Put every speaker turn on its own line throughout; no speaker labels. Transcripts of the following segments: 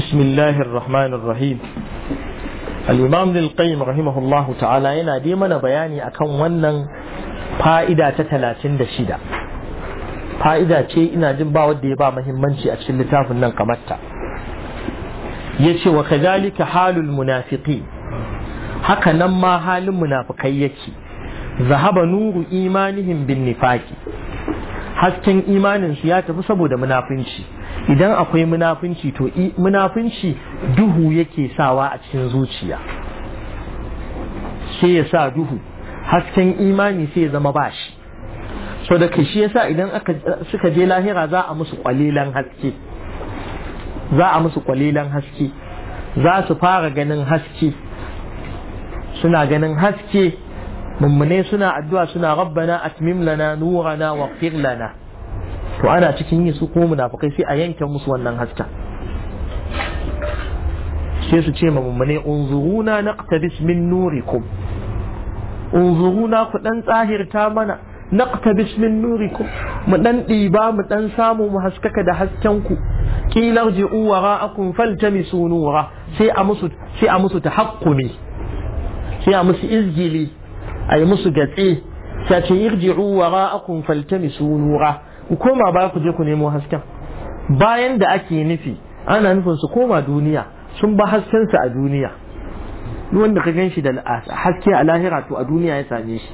بسم الله الرحمن الرحيم الإمام ابن القيم رحمه الله تعالى ينا دي من بياني أكون ونن فائدة تتلاتين دشيدة فائدة شيء إنا جنبا ودي با مهمنشي أتشل لتاف النن قمتا يشي وكذلك حال المنافقين haka nan ma halin munafikai yake zahaba nuru imanihim bin nifaki hasken imaninsu ya tafi saboda munafinci idan akwai munafunci to munafunci duhu yake sawa a cikin zuciya sai ya sa duhu hasken imani sai ya zama bashi so da kai shi sa idan suka je lahira za a musu kwalilan haske za a musu kwalilan haske za su fara ganin haske suna ganin haske mummune suna addu'a suna rabbana atmim lana nurana waghfir lana to ana cikin yi su kuma munafukai sai a yanke musu wannan haska sai su ce ma mummune unzuruna naqtabis min nurikum unzuruna ku dan tsahirta mana naqtabis min nurikum mu dan diba mu dan samu mu haskaka da hasken ku kilar ji'u wara'akum faltamisu nura sai a musu sai a musu tahakkumi sai a musu izgili a musu gatse sai ce irji'u wara'akum faltamisu nura ku koma ba ku je ku nemo hasken bayan da ake nufi ana nufin su koma duniya sun ba haskensa a duniya wanda ka ganshi da haske a lahira to a duniya ya same shi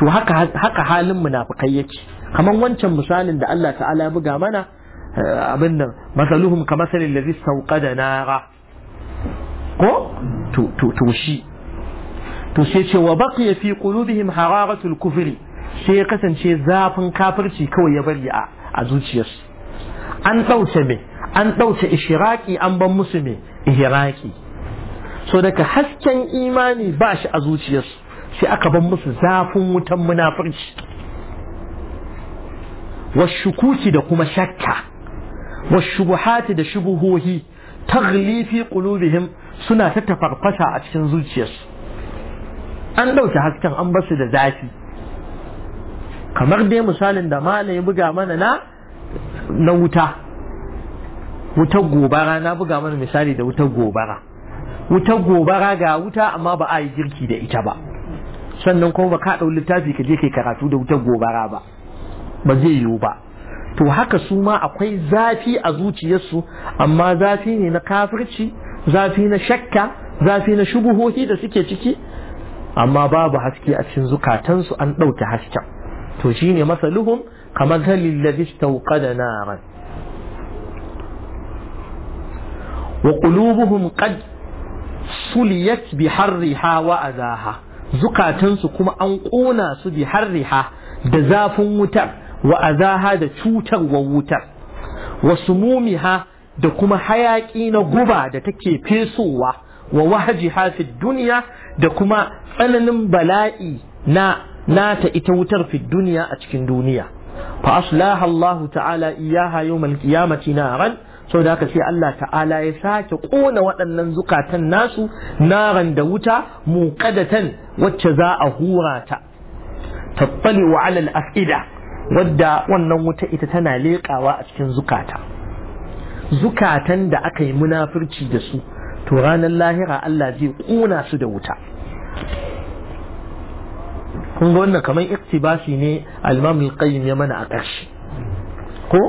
to haka haka halin munafikai yake kamar wancan misalin da Allah ta'ala ya buga mana eh, abin nan masaluhum ka masalin lazi sauƙada nara ko to shi to sai ce wa baqiya fi qulubihim hararatul kufri sai ya kasance zafin kafirci kawai ya bari a zuciyarsu an ɗauce me an ɗauce ishiraki an ban musu mai ishiraki so daga hasken imani ba shi a zuciyarsu sai aka ban musu zafin wutan munafurci washukuki da kuma shakka washubuhati da shubuhohi taglifi kulubihim suna ta tafarfasa a cikin zuciyarsu an ɗauke hasken an basu da zafi kamar dai misalin da malam ya buga mana na na wuta wutar gobara na buga mana misali da wutar gobara wutar gobara ga wuta amma ba a yi girki da ita ba sannan kuma ba ka ɗau littafi ka je kai karatu da wutar gobara ba ba zai yiwu ba to haka su ma akwai zafi a zuciyarsu amma zafi ne na kafirci zafi na shakka zafi na shubuhohi da suke ciki amma babu haske a cikin zukatansu an ɗauke hasken تجيني مثلهم كمثل الذي استوقد نارا وقلوبهم قد سليت بحرها وأذاها زكاتنس كما أنقونا بحرها دزاف متر وأذاها دشوتر ووتا وسمومها دكما حياكين غبا دتكي بيسوة ووهجها في الدنيا دكما فنن بلائي na nata ita wutar fi duniya a cikin duniya fa aslaha ta'ala iyaha yawmal qiyamati naran da haka sai Allah ta'ala ya sake kona waɗannan zukatan nasu naran da wuta muqadatan wacce za a hura ta tattali wa alal af'ida wadda wannan wuta ita tana leƙawa a cikin zukata zukatan da aka yi munafurci da su to ranar lahira Allah zai ƙona su da wuta kun ga wannan kamar iktibasi ne al qayyim ya mana a ƙarshe ko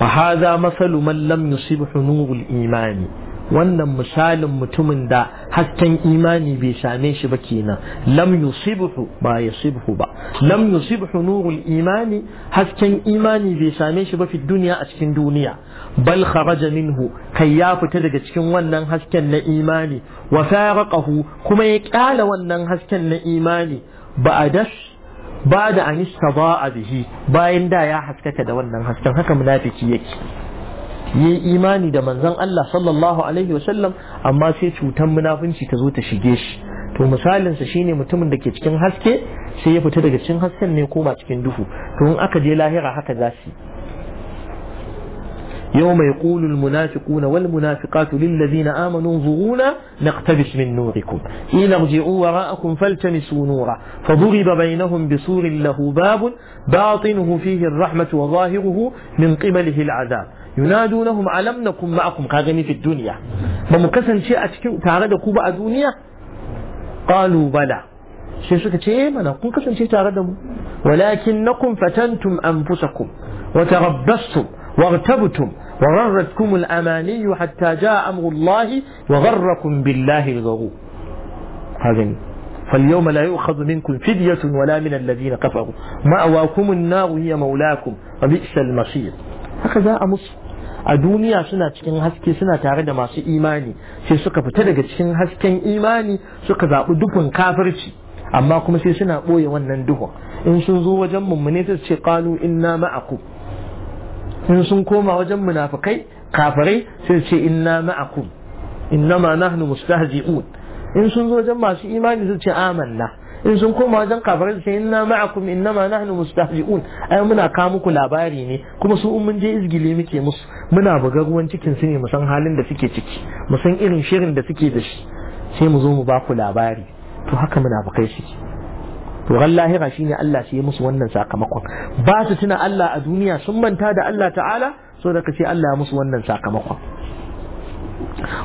wa hadha masalu man lam yusibhu nurul imani wannan misalin mutumin da hasken imani bai same shi ba kenan lam yusibhu ba yusibhu ba lam yusibhu nurul imani hasken imani bai same shi ba fi duniya a cikin duniya bal kharaja minhu kai ya fita daga cikin wannan hasken na imani wa faraqahu kuma ya kyala wannan hasken na imani ba'adas ba da an a bihi bayan da ya haskaka da wannan hasken haka munafiki yake yi imani da manzon Allah sallallahu alaihi wasallam amma sai cutan munafunci ta zo ta shige shi to misalinsa shine mutumin da ke cikin haske sai ya fita daga cikin hasken ne koma cikin duhu to in aka je lahira haka za su يوم يقول المنافقون والمنافقات للذين آمنوا انظرونا نقتبس من نوركم إن ارجعوا وراءكم فالتمسوا نورا فضرب بينهم بسور له باب باطنه فيه الرحمة وظاهره من قبله العذاب ينادونهم ألم نكن معكم كاغني في الدنيا ممكسن شيء تعرض كوبا الدنيا قالوا بلى شيء suka ce eh mana kun kasance tare da mu walakin واغتبتم وغرتكم الأماني حتى جاء أمر الله وغركم بالله الغرور هذا فاليوم لا يؤخذ منكم فدية ولا من الذين كفروا مأواكم النار هي مولاكم وبئس المصير هكذا مصر a duniya suna cikin haske suna tare da masu imani sai suka fita daga cikin hasken imani suka zaɓi dukkan kafirci amma kuma sai suna ɓoye wannan duhun in sun zo wajen mummune sai su ce qalu inna ma'akum in sun koma wajen munafikai kafirai sai ce inna ma'akum innama nahnu mustahzi'un in sun zo wajen masu imani sai ce amanna in sun koma wajen kafirai sai inna ma'akum innama nahnu mustahzi'un ai muna ka muku labari ne kuma su mun je izgile muke musu muna buga ruwan cikin su ne mu san halin da suke ciki mu san irin shirin da suke da shi sai mu zo mu ba ku labari to haka munafikai suke to ran lahira shine Allah shi ya musu wannan sakamakon ba su tuna Allah a duniya sun manta da Allah ta'ala so da kace Allah ya musu wannan sakamakon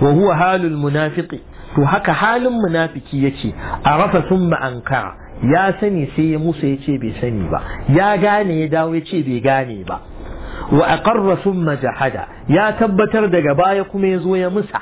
wa huwa halul munafiqi to haka halin munafiki yake arafa thumma ankara ya sani sai ya musu yace bai sani ba ya gane ya dawo yace bai gane ba wa aqarra thumma jahada ya tabbatar daga baya kuma ya zo ya musa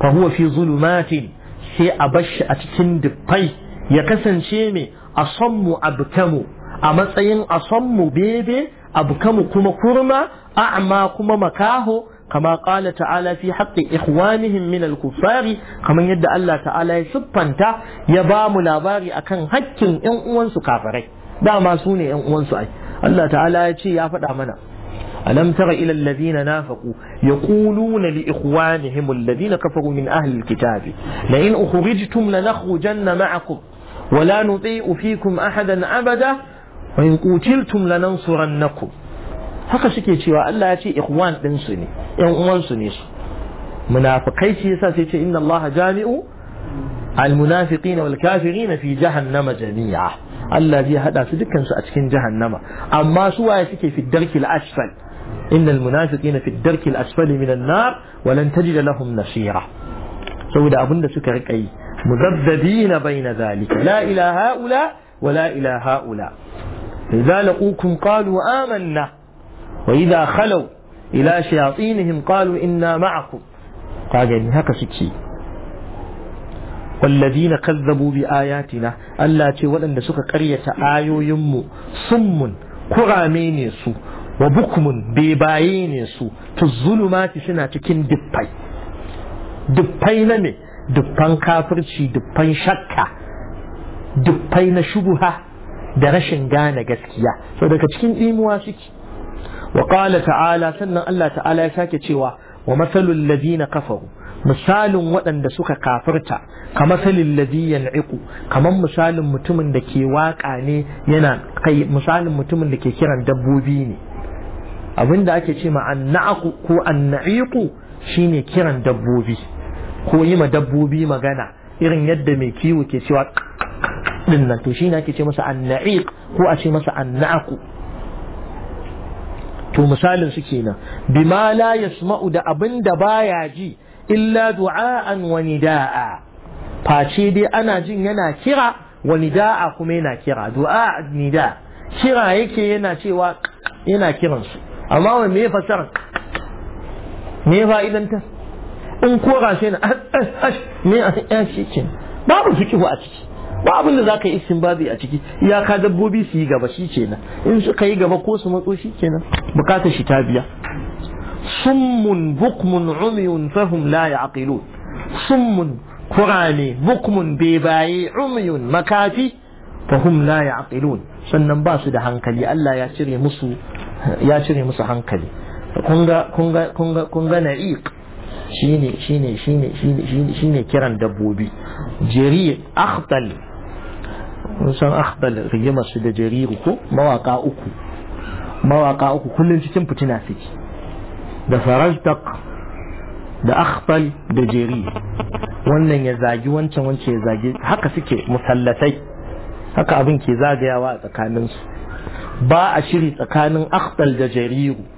fa huwa fi zulumatin sai a bashi a cikin dufai ya kasance mai asammu abkamu a matsayin asammu bebe abkamu kuma kurma a'ma kuma makaho kama qala ta'ala fi haqqi ikhwanihim min al-kuffari kaman yadda Allah ta'ala ya siffanta ya ba mu labari akan haƙƙin ƴan uwansu kafirai dama su ne ƴan uwansu ai Allah ta'ala ya ce ya faɗa mana alam tara ألم تر إلى الذين نافقوا يقولون لإخوانهم الذين كفروا من أهل la in ukhrijtum lanakhrujanna ma'akum ولا نطيع فيكم أحدا أبدا وإن قتلتم لننصرنكم haka suke cewa Allah ya ce ikhwan din su ne uwan su ne su munafikai shi yasa sai ce inna Allah jami'u almunafiqin wal kafirin fi jahannama jami'a Allah zai hada su dukkan su a cikin jahannama amma su waye suke fi darkil asfal innal na fi darkil min minan nar wa lan tajid lahum nasira saboda abinda suka rika yi مذبذبين بين ذلك لا إلى هؤلاء ولا إلى هؤلاء إذا لقوكم قالوا آمنا وإذا خلوا إلى شياطينهم قالوا إنا معكم قال يعني هكا شيء والذين كذبوا بآياتنا ألا تولى أن سك قرية آيو يمو صم قرامين يسو وبكم بيبايين يسو في الظلمات سنة كن دبي دبي نمي dubban kafirci dubban shakka dubbai na shubuha da rashin gane gaskiya so daga cikin imuwa suke wa qala ta'ala sannan Allah ta'ala ya sake cewa wa masalul ladina kafaru misalin waɗanda suka kafirta ka masalin ladhi yan'iqu kaman misalin mutumin da ke waka ne yana kai misalin mutumin da ke kiran dabbobi ne abinda ake ce ma na'aku ko anna'iku shine kiran dabbobi ko yi ma dabbobi magana irin yadda mai kiwo ke cewa din nan to shi ne ake ce masa anna'iq ko a ce masa anna'aqu to misalin su kenan bima la yasma'u da abin da baya ji illa du'a'an wa nida'a face dai ana jin yana kira wa nida'a kuma yana kira du'a nida kira yake yana cewa yana kiransu amma wa me fasara me fa'idan ta in kora sai na ash ah, ah, a shi ke babu kihu a ciki ba abin da zaka yi babu a ciki Ya ka dabbobi su yi gaba shi kenan in suka yi gaba ko su matso shi kenan bukata shi ta biya summun bukmun umyun fahum la yaqilun summun kurane bukmun bebaye umyun makafi fahum la yaqilun sannan ba su da hankali Allah ya cire musu hankali kun ga kun na'iq shine shine shine shine shine shine kiran dabbobi jari akhtal san akhtal rigimar su da jariru ko mawaka uku mawaka uku kullun cikin fitina suke da farajtaq da akhtal da jari wannan ya zagi wancan wancan ya zagi haka suke musallatai haka abin ke zagayawa a tsakaninsu ba a shiri tsakanin akhtal da jariru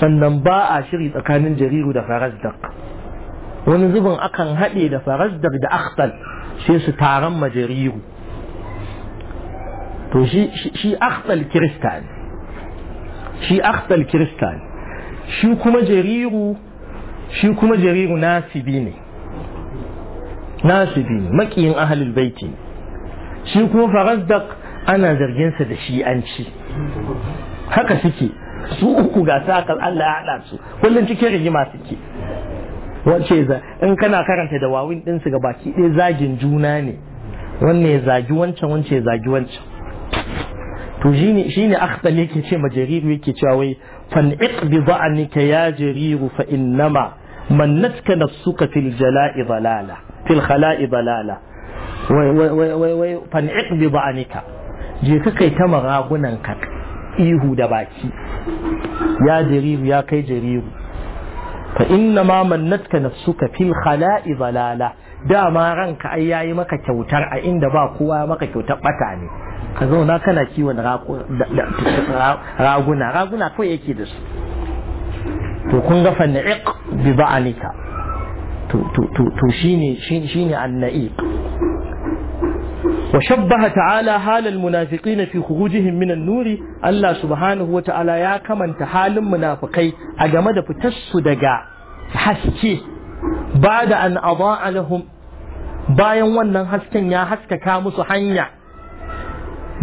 sannan ba a shiri tsakanin jariru da farazdak wani zubin akan haɗe da farazdak da akhtal sai su taron ma jariru to shi akhtal kiristan. shi akhtal kiristan. shi kuma jariru shi kuma jariru nasibi ne nasibi ne makiyin ahalul baiti ne shi kuma farazdak ana zarginsa da shi'anci haka suke su uku ga su haka Allah ya haɗa su kullum cikin rigima suke wace za in kana karanta da wawin ɗinsu ga baki ɗaya zagin juna ne wanne ya zagi wancan wancan ya zagi wancan to shine ne akhtal yake ce ma jariru yake cewa wai fan'iq bi za'anika ya jariru fa innama mannatka nafsuka fil jala'i dalala fil khala'i dalala wai wai wai wai fan'iq bi za'anika je ka kai ta maragunan ka ihu da baki ya jariru ya kai jariru fa inna ma mannatka nafsuka fil khala'i zalala dama ranka ai yayi maka kyautar a inda ba kowa maka kyautar bata ne ka zauna kana kiwon raguna raguna ko yake da su to kun ga fanni'iq bi ba'alika to to to shine shine anna'iq وشبه تعالى حال المنافقين في خروجهم من النور الله سبحانه وتعالى يا كمن تحال منافقي أجمد daga دقا حسكي بعد أن أضاء لهم bayan wannan hasken ya haskaka musu hanya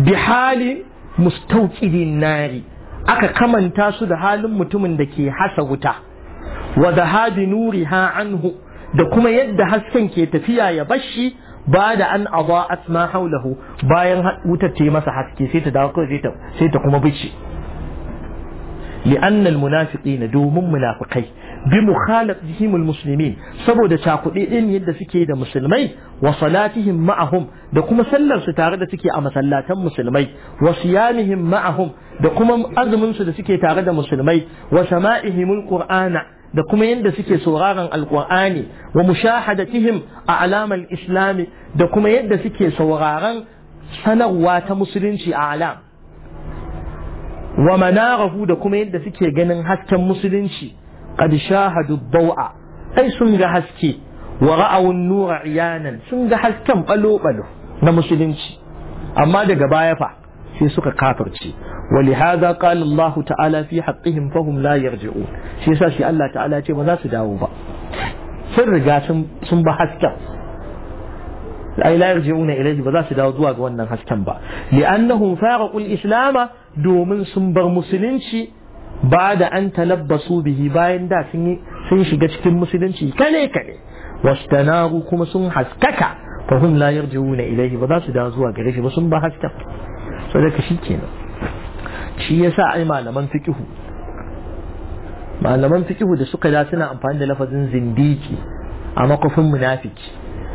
bi hali mustauqidin nari aka kamanta su da halin mutumin da ke hasa wuta wa Nuri ha anhu da kuma yadda hasken ke tafiya ya bashi ba da an aba asma haulahu bayan wutar ta yi masa haske sai ta dawo kawai sai ta kuma bice li'anna almunafiqin domin munafiqai bi mukhalatihim almuslimin saboda cakuɗe din yadda suke da musulmai wa salatihim ma'ahum da kuma sallar su tare da suke a masallatan musulmai wa siyamihim ma'ahum da kuma azumin su da suke tare da musulmai wa sama'ihim alqur'ana da kuma yadda suke sauraron alkur'ani wa mushahadatihim a alamar islami da kuma yadda suke sauraron sanarwa ta musulunci a alam wa manarahu da kuma yadda suke ganin hasken musulunci qad shahadu daw'a ai sun ga haske wa ra'awun nura iyanan sun ga hasken balo balo na musulunci amma daga baya fa sai suka kafirce ولهذا قال الله تعالى في حقهم فهم لا يرجعون shi yasa shi Allah ta'ala ce ba su dawo ba sun riga sun ba hasken ai la yarji'una ilayhi ba su dawo zuwa ga wannan hasken ba li'annahum faraqu al-islam domin sun bar musulunci ba da an talabbasu bihi bayan da sun sun shiga cikin musulunci kale kale wastanaru kuma sun haskaka fa hum la yarji'una ilayhi ba za su dawo zuwa gare shi ba sun ba hasken so da shi kenan shi ya yasa ai malaman fiƙihu. malaman fiƙihu da suka da suna amfani da lafazin zindiki a makofin munafiki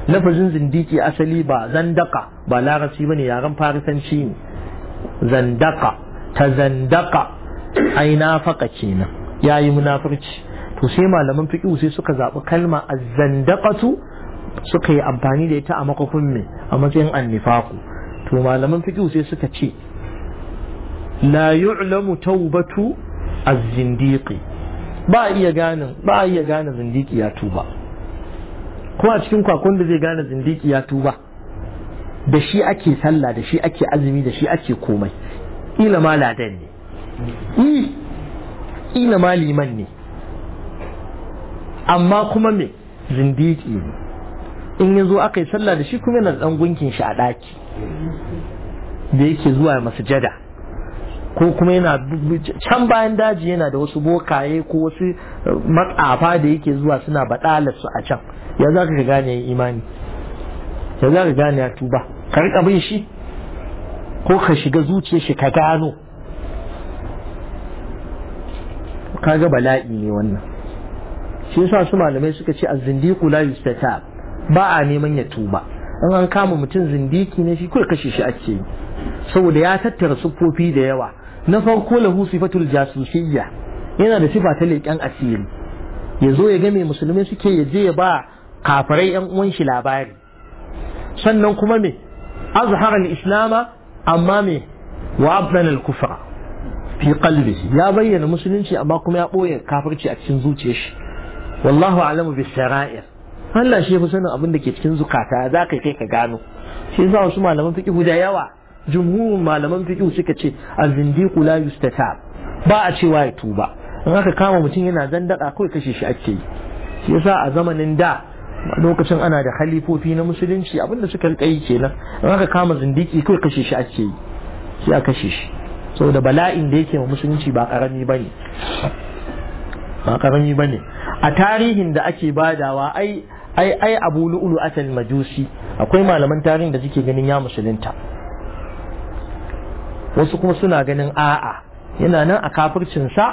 lafazin zindiki asali ba zandaka ba Larasi ba ne yaren farisanci ne zandaka ta zandaka ai nan. kenan yi munafurci to sai malaman fiƙihu sai suka zaɓi kalma a zandakatu suka yi amfani da ita a makofin mai a matsayin annifaku to malaman fiƙihu sai suka ce لا يعلم taubatu الزنديق zindiqi ba iya ganin ba iya gane zindiki ya tuba ko a cikin kwakon da zai gane zindiki ya tuba da shi ake sallah da shi ake azumi da shi ake komai ila ma ladan ne ila ma liman ne amma kuma me zindiki ne in ya zo aka yi sallah da shi kuma yana da ɗan gunkin shi a ɗaki da yake zuwa masujada ko kuma yana can bayan daji yana da wasu bokaye ko wasu uh, matsafa da yake zuwa suna baɗalar su a can ya za ka gane imani ya za ka gane ya tuba ka riƙa bin shi ko ka shiga zuciyar shi ka gano Ka ga bala'i ne wannan shi yasa su malamai suka ce a zindiku la yustata ba a neman ya tuba in an kama mutum zindiki ne shi kawai kashe shi ake yi saboda ya tattara siffofi da yawa na farko lahu sifatul jasusiyya yana da sifa ta leƙen asiri ya zo ya ga mai musulmi suke ya je ya ba kafirai yan uwan shi labari sannan kuma me azhara al-islama amma me wa abdana al fi qalbi ya bayyana musulunci amma kuma ya boye kafirci a cikin zuciyar shi wallahu a'lamu bis sara'ir Allah shi ya fi sanin abin da ke cikin zukata za ka kai ka gano shi yasa wasu malaman fiqh guda yawa jumhurin malaman fiƙi suka ce a zindi la yustata ba a cewa ya tuba in aka kama mutum yana zandaka kawai kashe shi ake yi yasa a zamanin da lokacin ana da halifofi na musulunci abinda suka rika yi kenan in aka kama zindiki kawai kashe shi ake yi sai a kashe shi saboda bala'in da yake wa musulunci ba karami ba karami a tarihin da ake badawa ai ai ai abu lu'ulu atal majusi akwai malaman tarihin da suke ganin ya musulunta wasu kuma suna ganin a'a yana nan a kafircinsa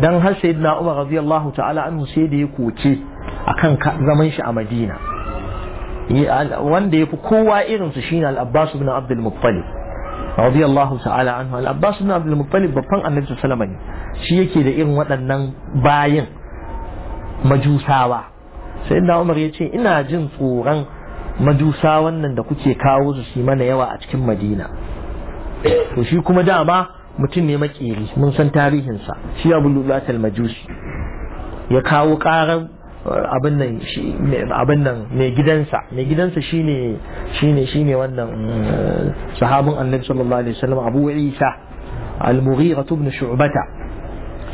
don har sayyidina umar radiyallahu ta'ala anhu sai da ya koce akan zaman shi a madina wanda ya fi kowa irinsu shine al-abbas ibn abdul muttalib radiyallahu ta'ala anhu al-abbas ibn abdul muttalib babban annabi sallallahu alaihi wasallam shi yake da irin waɗannan bayin majusawa sayyidina umar ya ce ina jin tsoron majusawan nan da kuke kawo su su mana yawa a cikin madina to shi kuma ba mutum ne makeri mun san tarihinsa shi abu al majusi ya kawo karar uh, abin nan abin nan mai gidansa mai gidansa shine shine shine wannan uh, sahabin annabi sallallahu alaihi wasallam abu isa al-mughira ibn shu'bata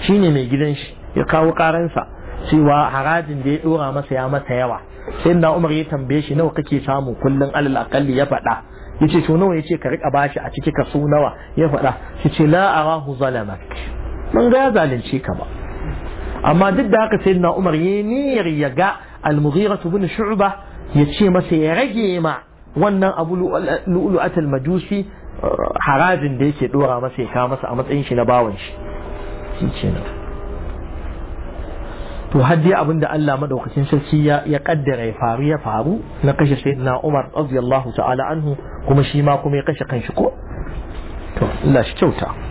shine mai gidan shi ya kawo karansa cewa harajin da ya dora masa ya masa yawa sai na umar ya tambaye shi nawa kake samu kullum alal akalli ya faɗa yace to nawa yace ka rika bashi a ciki ka nawa ya faɗa ce la arahu zalamak mun ga ya zalunce ka ba amma duk da haka sayyidina Umar ya niyyar ya ga al-Mughira ibn Shu'bah yace masa ya rage ma wannan abu lu'lu'at al-majusi uh, harajin da yake dora masa ya kawo masa a matsayin shi na bawan shi shi to haddi abin da Allah madaukakin sarki ya kaddara ya faru ya faru na kashe sayyidina Umar radiyallahu ta'ala anhu kuma shi ma kuma ya kashe kanshi ko to Allah shi kyauta